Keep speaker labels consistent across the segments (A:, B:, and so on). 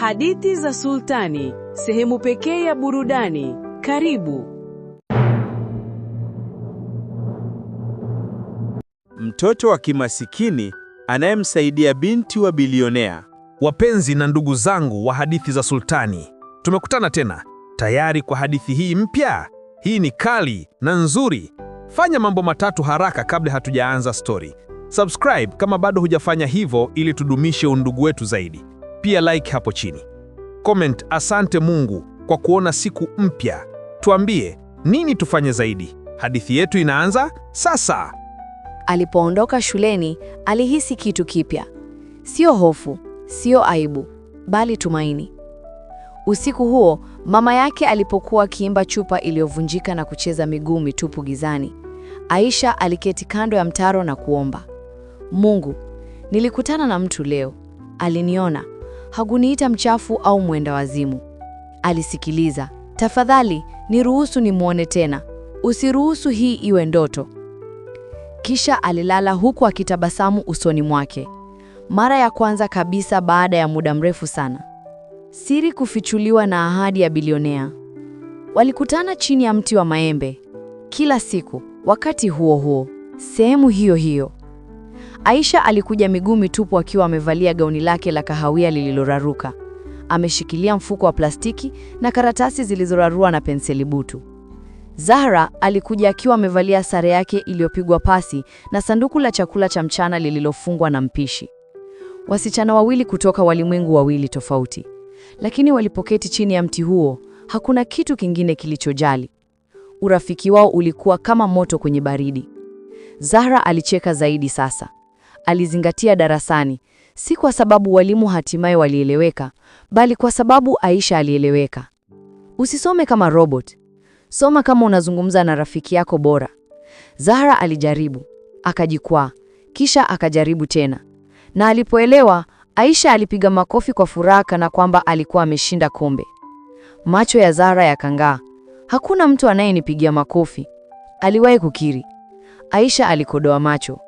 A: Hadithi za Sultani, sehemu pekee ya burudani. Karibu.
B: Mtoto wa kimasikini anayemsaidia binti wa bilionea. Wapenzi na ndugu zangu wa Hadithi za Sultani, tumekutana tena tayari kwa hadithi hii mpya. Hii ni kali na nzuri. Fanya mambo matatu haraka kabla hatujaanza stori. Subscribe kama bado hujafanya hivyo, ili tudumishe undugu wetu zaidi pia like hapo chini. Comment asante Mungu kwa kuona siku mpya. Tuambie nini tufanye zaidi. Hadithi yetu inaanza sasa.
C: Alipoondoka shuleni, alihisi kitu kipya. Sio hofu, sio aibu, bali tumaini. Usiku huo, mama yake alipokuwa akiimba chupa iliyovunjika na kucheza miguu mitupu gizani, Aisha aliketi kando ya mtaro na kuomba. Mungu, nilikutana na mtu leo. Aliniona hakuniita mchafu au mwenda wazimu. Alisikiliza. Tafadhali niruhusu nimwone tena, usiruhusu hii iwe ndoto. Kisha alilala huku akitabasamu usoni mwake, mara ya kwanza kabisa baada ya muda mrefu sana. Siri kufichuliwa na ahadi ya bilionea. Walikutana chini ya mti wa maembe kila siku, wakati huo huo, sehemu hiyo hiyo. Aisha alikuja miguu mitupu akiwa amevalia gauni lake la kahawia lililoraruka. Ameshikilia mfuko wa plastiki na karatasi zilizorarua na penseli butu. Zahra alikuja akiwa amevalia sare yake iliyopigwa pasi na sanduku la chakula cha mchana lililofungwa na mpishi. Wasichana wawili kutoka walimwengu wawili tofauti. Lakini walipoketi chini ya mti huo, hakuna kitu kingine kilichojali. Urafiki wao ulikuwa kama moto kwenye baridi. Zahra alicheka zaidi sasa alizingatia darasani, si kwa sababu walimu hatimaye walieleweka, bali kwa sababu Aisha alieleweka. Usisome kama robot, soma kama unazungumza na rafiki yako bora. Zahra alijaribu, akajikwaa, kisha akajaribu tena, na alipoelewa, Aisha alipiga makofi kwa furaha, kana kwamba alikuwa ameshinda kombe. Macho ya Zahra yakang'aa. Hakuna mtu anayenipigia makofi, aliwahi kukiri. Aisha alikodoa macho.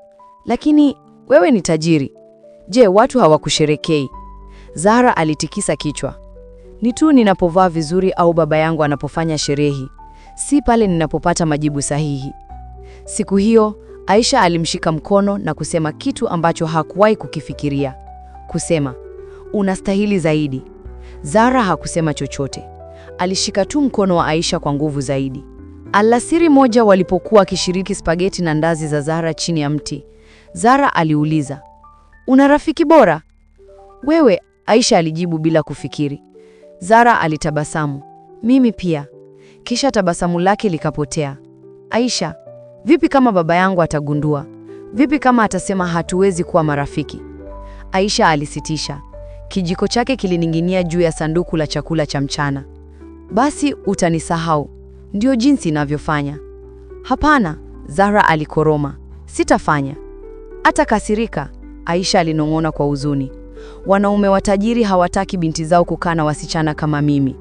C: Lakini wewe ni tajiri, je, watu hawakusherekei? Zahra alitikisa kichwa. Ni tu ninapovaa vizuri au baba yangu anapofanya sherehe, si pale ninapopata majibu sahihi. Siku hiyo Aisha alimshika mkono na kusema kitu ambacho hakuwahi kukifikiria, kusema unastahili zaidi. Zahra hakusema chochote, alishika tu mkono wa Aisha kwa nguvu zaidi. Alasiri moja, walipokuwa wakishiriki spageti na ndazi za Zahra chini ya mti, Zara aliuliza, una rafiki bora wewe? Aisha alijibu bila kufikiri. Zara alitabasamu, mimi pia. Kisha tabasamu lake likapotea. Aisha, vipi kama baba yangu atagundua? Vipi kama atasema hatuwezi kuwa marafiki? Aisha alisitisha. Kijiko chake kilining'inia juu ya sanduku la chakula cha mchana. Basi utanisahau, ndio jinsi inavyofanya. Hapana, Zara alikoroma, sitafanya hata kasirika Aisha alinong'ona kwa huzuni. Wanaume watajiri hawataki binti zao kukaa na wasichana kama mimi.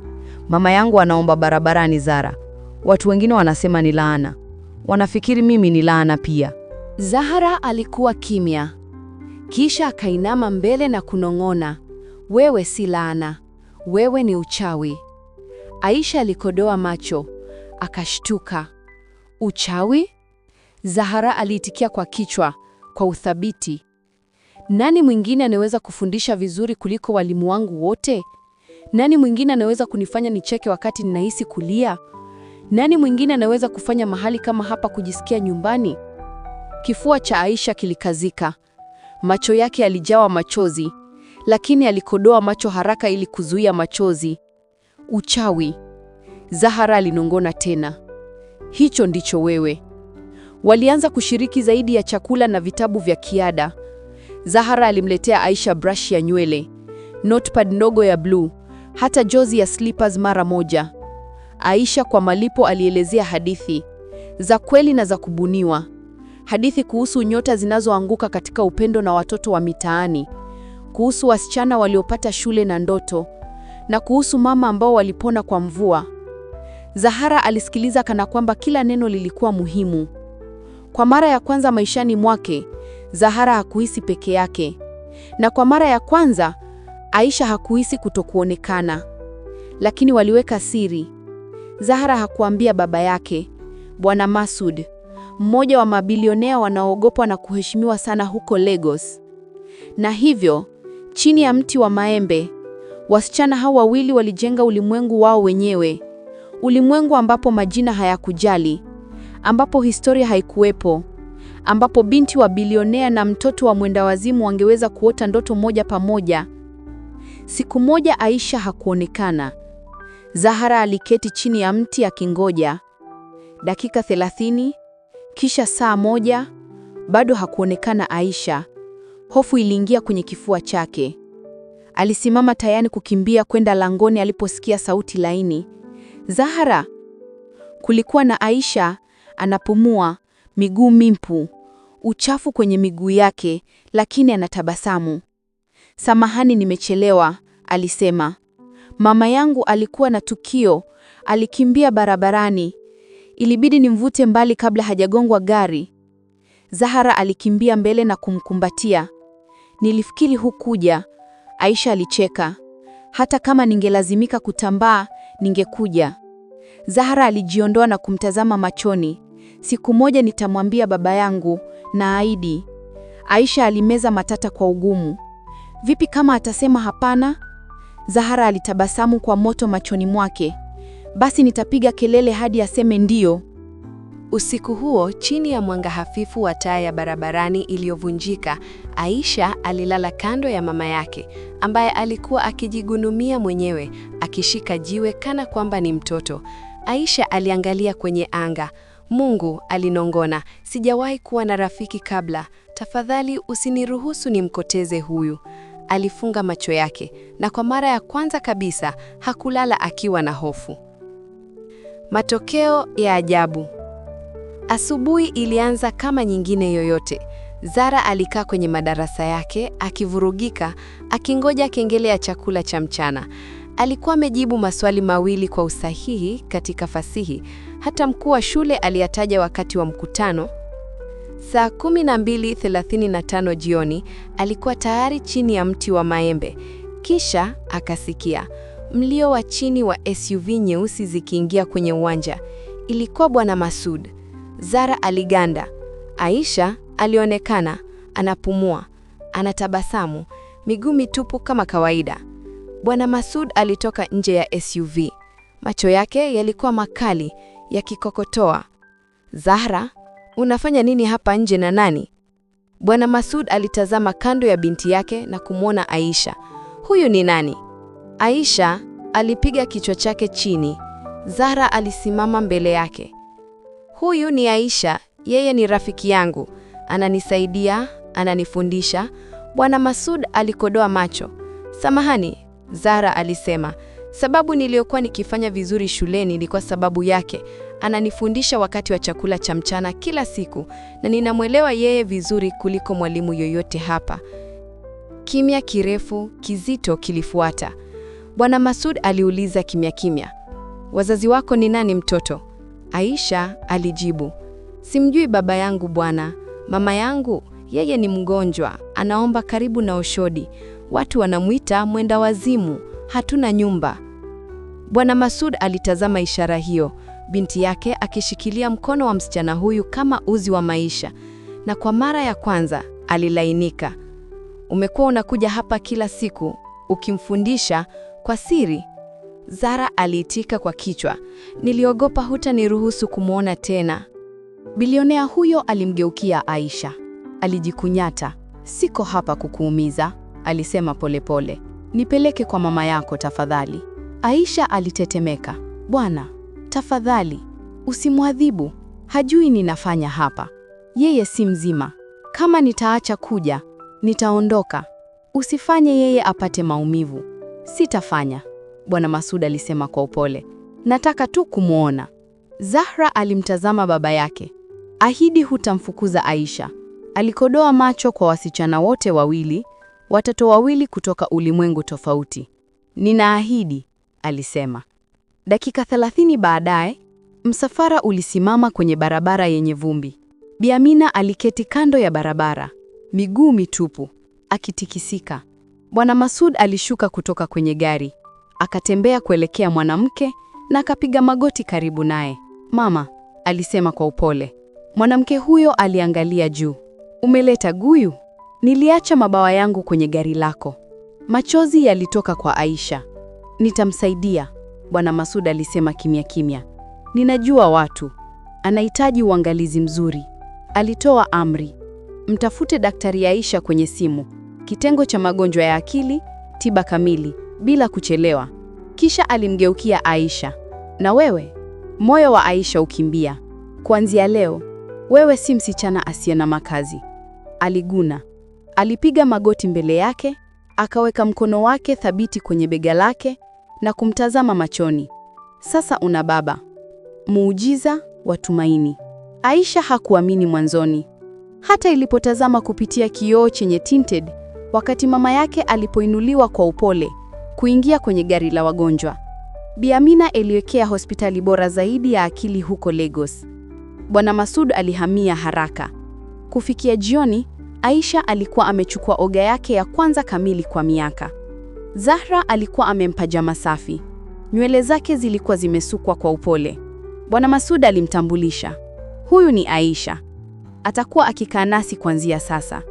C: Mama yangu anaomba barabarani Zara. Watu wengine wanasema ni laana, wanafikiri mimi ni laana pia.
D: Zahara alikuwa kimya, kisha akainama mbele na kunong'ona, wewe si laana, wewe ni uchawi. Aisha alikodoa macho, akashtuka. Uchawi? Zahara aliitikia kwa kichwa kwa uthabiti. Nani mwingine anaweza kufundisha vizuri kuliko walimu wangu wote? Nani mwingine anaweza kunifanya nicheke wakati ninahisi kulia? Nani mwingine anaweza kufanya mahali kama hapa kujisikia nyumbani? Kifua cha Aisha kilikazika. Macho yake yalijawa machozi, lakini alikodoa macho haraka ili kuzuia machozi. Uchawi. Zahara alinong'ona tena. Hicho ndicho wewe. Walianza kushiriki zaidi ya chakula na vitabu vya kiada. Zahara alimletea Aisha brush ya nywele, notepad ndogo ya bluu, hata jozi ya slippers mara moja. Aisha kwa malipo alielezea hadithi za kweli na za kubuniwa, hadithi kuhusu nyota zinazoanguka katika upendo na watoto wa mitaani, kuhusu wasichana waliopata shule na ndoto, na kuhusu mama ambao walipona kwa mvua. Zahara alisikiliza kana kwamba kila neno lilikuwa muhimu. Kwa mara ya kwanza maishani mwake, Zahara hakuhisi peke yake, na kwa mara ya kwanza Aisha hakuhisi kutokuonekana. Lakini waliweka siri. Zahara hakuambia baba yake, Bwana Masud, mmoja wa mabilionea wanaoogopwa na kuheshimiwa sana huko Lagos. Na hivyo, chini ya mti wa maembe, wasichana hao wawili walijenga ulimwengu wao wenyewe, ulimwengu ambapo majina hayakujali ambapo historia haikuwepo, ambapo binti wa bilionea na mtoto wa mwenda wazimu wangeweza kuota ndoto moja pamoja. Siku moja Aisha hakuonekana. Zahara aliketi chini ya mti akingoja. Dakika thelathini, kisha saa moja, bado hakuonekana Aisha. Hofu iliingia kwenye kifua chake. Alisimama tayari kukimbia kwenda langoni aliposikia sauti laini. Zahara! Kulikuwa na Aisha Anapumua, miguu mimpu, uchafu kwenye miguu yake, lakini anatabasamu. Samahani, nimechelewa, alisema. Mama yangu alikuwa na tukio, alikimbia barabarani. Ilibidi nimvute mbali kabla hajagongwa gari. Zahara alikimbia mbele na kumkumbatia. Nilifikiri hukuja, Aisha alicheka. Hata kama ningelazimika kutambaa, ningekuja. Zahara alijiondoa na kumtazama machoni. Siku moja nitamwambia baba yangu, naahidi. Aisha alimeza matata kwa ugumu. Vipi kama atasema hapana? Zahara alitabasamu kwa moto machoni mwake. Basi nitapiga kelele hadi aseme ndiyo.
E: Usiku huo, chini ya mwanga hafifu wa taa ya barabarani iliyovunjika, Aisha alilala kando ya mama yake, ambaye alikuwa akijigunumia mwenyewe, akishika jiwe kana kwamba ni mtoto. Aisha aliangalia kwenye anga. Mungu alinongona, sijawahi kuwa na rafiki kabla. Tafadhali usiniruhusu nimkoteze huyu. Alifunga macho yake na kwa mara ya kwanza kabisa hakulala akiwa na hofu. Matokeo ya ajabu. Asubuhi ilianza kama nyingine yoyote. Zara alikaa kwenye madarasa yake akivurugika, akingoja kengele ya chakula cha mchana. Alikuwa amejibu maswali mawili kwa usahihi katika fasihi. Hata mkuu wa shule aliyataja wakati wa mkutano. Saa 12:35 jioni alikuwa tayari chini ya mti wa maembe. Kisha akasikia mlio wa chini wa SUV nyeusi zikiingia kwenye uwanja. Ilikuwa Bwana Masud. Zara aliganda. Aisha alionekana anapumua, anatabasamu, miguu mitupu kama kawaida. Bwana Masud alitoka nje ya SUV. Macho yake yalikuwa makali, yakikokotoa. Zahra, unafanya nini hapa nje na nani? Bwana Masud alitazama kando ya binti yake na kumwona Aisha. Huyu ni nani? Aisha alipiga kichwa chake chini. Zahra alisimama mbele yake. Huyu ni Aisha, yeye ni rafiki yangu, ananisaidia, ananifundisha. Bwana Masud alikodoa macho. Samahani, Zara alisema, sababu niliyokuwa nikifanya vizuri shuleni ni kwa sababu yake. Ananifundisha wakati wa chakula cha mchana kila siku na ninamwelewa yeye vizuri kuliko mwalimu yoyote hapa. Kimya kirefu kizito kilifuata. Bwana Masud aliuliza kimya kimya, wazazi wako ni nani mtoto? Aisha alijibu, simjui baba yangu bwana. Mama yangu yeye ni mgonjwa, anaomba karibu na Oshodi. Watu wanamwita mwenda wazimu, hatuna nyumba. Bwana Masud alitazama ishara hiyo, binti yake akishikilia mkono wa msichana huyu kama uzi wa maisha, na kwa mara ya kwanza alilainika. Umekuwa unakuja hapa kila siku ukimfundisha kwa siri? Zara aliitika kwa kichwa. Niliogopa hutaniruhusu kumwona tena. Bilionea huyo alimgeukia Aisha. Alijikunyata. Siko hapa kukuumiza alisema polepole pole. Nipeleke kwa mama yako tafadhali. Aisha alitetemeka. Bwana, tafadhali usimwadhibu, hajui ninafanya hapa. Yeye si mzima. Kama nitaacha kuja, nitaondoka. Usifanye yeye apate maumivu. Sitafanya, Bwana Masud alisema kwa upole. Nataka tu kumwona. Zahra alimtazama baba yake. Ahidi hutamfukuza Aisha. Alikodoa macho kwa wasichana wote wawili watoto wawili kutoka ulimwengu tofauti. Ninaahidi, alisema. Dakika thelathini baadaye msafara ulisimama kwenye barabara yenye vumbi. biamina aliketi kando ya barabara, miguu mitupu, akitikisika. Bwana Masud alishuka kutoka kwenye gari, akatembea kuelekea mwanamke na akapiga magoti karibu naye. Mama, alisema kwa upole. Mwanamke huyo aliangalia juu. Umeleta guyu? Niliacha mabawa yangu kwenye gari lako. Machozi yalitoka kwa Aisha. Nitamsaidia, Bwana Masud alisema kimya kimya. Ninajua watu, anahitaji uangalizi mzuri. Alitoa amri, mtafute daktari Aisha kwenye simu, kitengo cha magonjwa ya akili, tiba kamili, bila kuchelewa. Kisha alimgeukia Aisha. Na wewe? Moyo wa Aisha ukimbia. Kuanzia leo, wewe si msichana asiye na makazi. Aliguna. Alipiga magoti mbele yake, akaweka mkono wake thabiti kwenye bega lake na kumtazama machoni. Sasa una baba. Muujiza wa tumaini. Aisha hakuamini mwanzoni, hata ilipotazama kupitia kioo chenye tinted wakati mama yake alipoinuliwa kwa upole kuingia kwenye gari la wagonjwa. Bi Amina aliwekea hospitali bora zaidi ya akili huko Lagos. Bwana Masud alihamia haraka. Kufikia jioni, Aisha alikuwa amechukua oga yake ya kwanza kamili kwa miaka. Zahra alikuwa amempa jama safi. Nywele zake zilikuwa zimesukwa kwa upole. Bwana Masuda alimtambulisha, huyu ni Aisha, atakuwa akikaa nasi kuanzia sasa.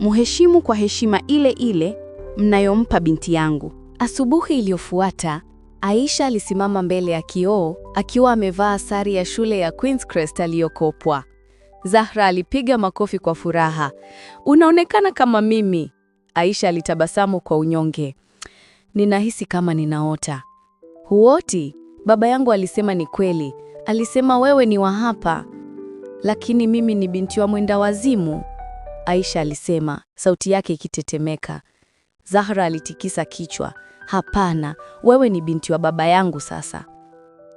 E: Muheshimu kwa heshima ile ile mnayompa binti yangu. Asubuhi iliyofuata Aisha alisimama mbele ya kioo akiwa amevaa sari ya shule ya Queens Crest aliyokopwa. Zahra alipiga makofi kwa furaha. Unaonekana kama mimi. Aisha alitabasamu kwa unyonge. Ninahisi kama ninaota. Huoti? Baba yangu alisema ni kweli. Alisema wewe ni wa hapa. Lakini mimi ni binti wa mwenda wazimu. Aisha alisema, sauti yake ikitetemeka. Zahra alitikisa kichwa. Hapana, wewe ni binti wa baba yangu sasa.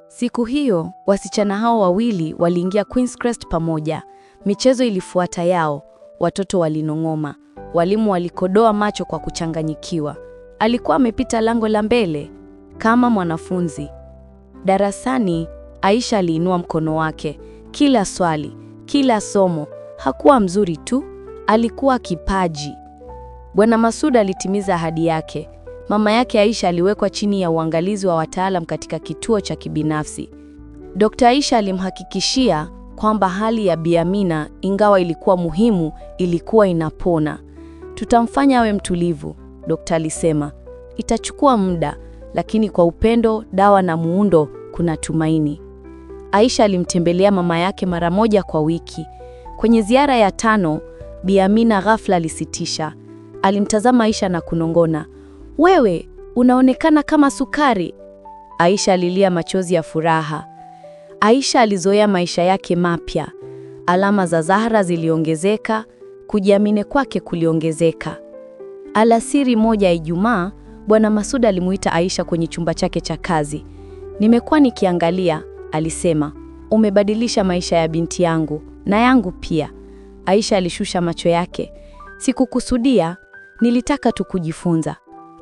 E: Siku hiyo, wasichana hao wawili waliingia Queens Crest pamoja. Michezo ilifuata yao, watoto walinong'oma, walimu walikodoa macho kwa kuchanganyikiwa. Alikuwa amepita lango la mbele kama mwanafunzi. Darasani, Aisha aliinua mkono wake. Kila swali, kila somo, hakuwa mzuri tu, alikuwa kipaji. Bwana Masuda alitimiza ahadi yake. Mama yake Aisha aliwekwa chini ya uangalizi wa wataalam katika kituo cha kibinafsi. Dkt. Aisha alimhakikishia kwamba hali ya Bi Amina ingawa ilikuwa muhimu, ilikuwa inapona. Tutamfanya awe mtulivu, dokta alisema. Itachukua muda, lakini kwa upendo, dawa na muundo kuna tumaini. Aisha alimtembelea mama yake mara moja kwa wiki. Kwenye ziara ya tano, Bi Amina ghafla alisitisha. Alimtazama Aisha na kunongona, wewe unaonekana kama sukari. Aisha alilia machozi ya furaha. Aisha alizoea maisha yake mapya. Alama za Zahra ziliongezeka, kujiamini kwake kuliongezeka. Alasiri moja ya Ijumaa, Bwana Masud alimuita Aisha kwenye chumba chake cha kazi. Nimekuwa nikiangalia, alisema, umebadilisha maisha ya binti yangu na yangu pia. Aisha alishusha macho yake. Sikukusudia, nilitaka tu kujifunza.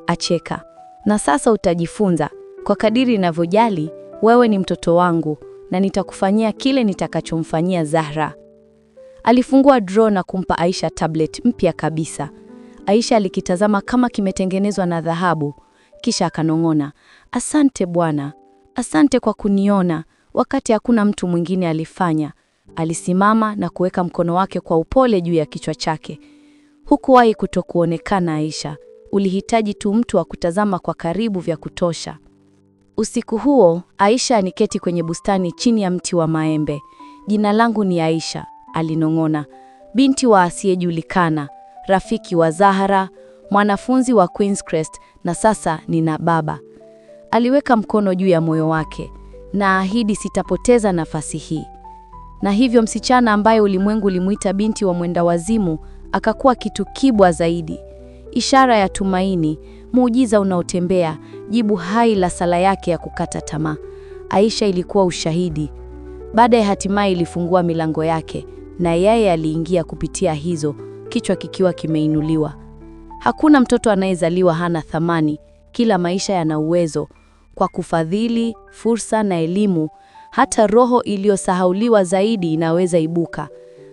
E: Acheka. Na sasa utajifunza. Kwa kadiri ninavyojali, wewe ni mtoto wangu, na nitakufanyia kile nitakachomfanyia Zahra. Alifungua draw na kumpa Aisha tablet mpya kabisa. Aisha alikitazama kama kimetengenezwa na dhahabu, kisha akanong'ona, asante bwana, asante kwa kuniona wakati hakuna mtu mwingine alifanya. Alisimama na kuweka mkono wake kwa upole juu ya kichwa chake. Hukuwahi kutokuonekana Aisha, ulihitaji tu mtu wa kutazama kwa karibu vya kutosha. Usiku huo Aisha aniketi kwenye bustani chini ya mti wa maembe. Jina langu ni Aisha, alinong'ona, binti wa asiyejulikana, rafiki wa Zahara, mwanafunzi wa Queen's Crest, na sasa nina baba. Aliweka mkono juu ya moyo wake, naahidi sitapoteza nafasi hii. Na hivyo msichana ambaye ulimwengu ulimwita binti wa mwenda wazimu akakuwa kitu kibwa zaidi, ishara ya tumaini, muujiza unaotembea jibu hai la sala yake ya kukata tamaa. Aisha ilikuwa ushahidi. baada ya hatimaye ilifungua milango yake na yeye aliingia kupitia hizo, kichwa kikiwa kimeinuliwa. Hakuna mtoto anayezaliwa hana thamani. Kila maisha yana uwezo kwa kufadhili, fursa na elimu. Hata roho iliyosahauliwa zaidi inaweza ibuka.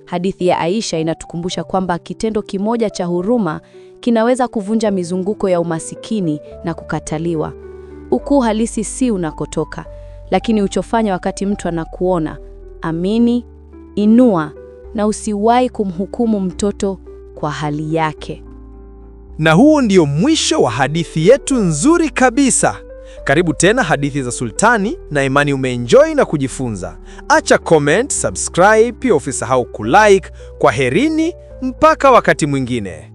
E: Hadithi ya Aisha inatukumbusha kwamba kitendo kimoja cha huruma kinaweza kuvunja mizunguko ya umasikini na kukataliwa. Ukuu halisi si unakotoka, lakini uchofanya wakati mtu anakuona. Amini, inua na usiwahi kumhukumu mtoto kwa hali yake.
B: Na huu ndio mwisho wa hadithi yetu nzuri kabisa. Karibu tena Hadithi za Sultani, na imani umeenjoy na kujifunza. Acha comment, subscribe, pia usisahau kulike. Kwaherini mpaka wakati mwingine.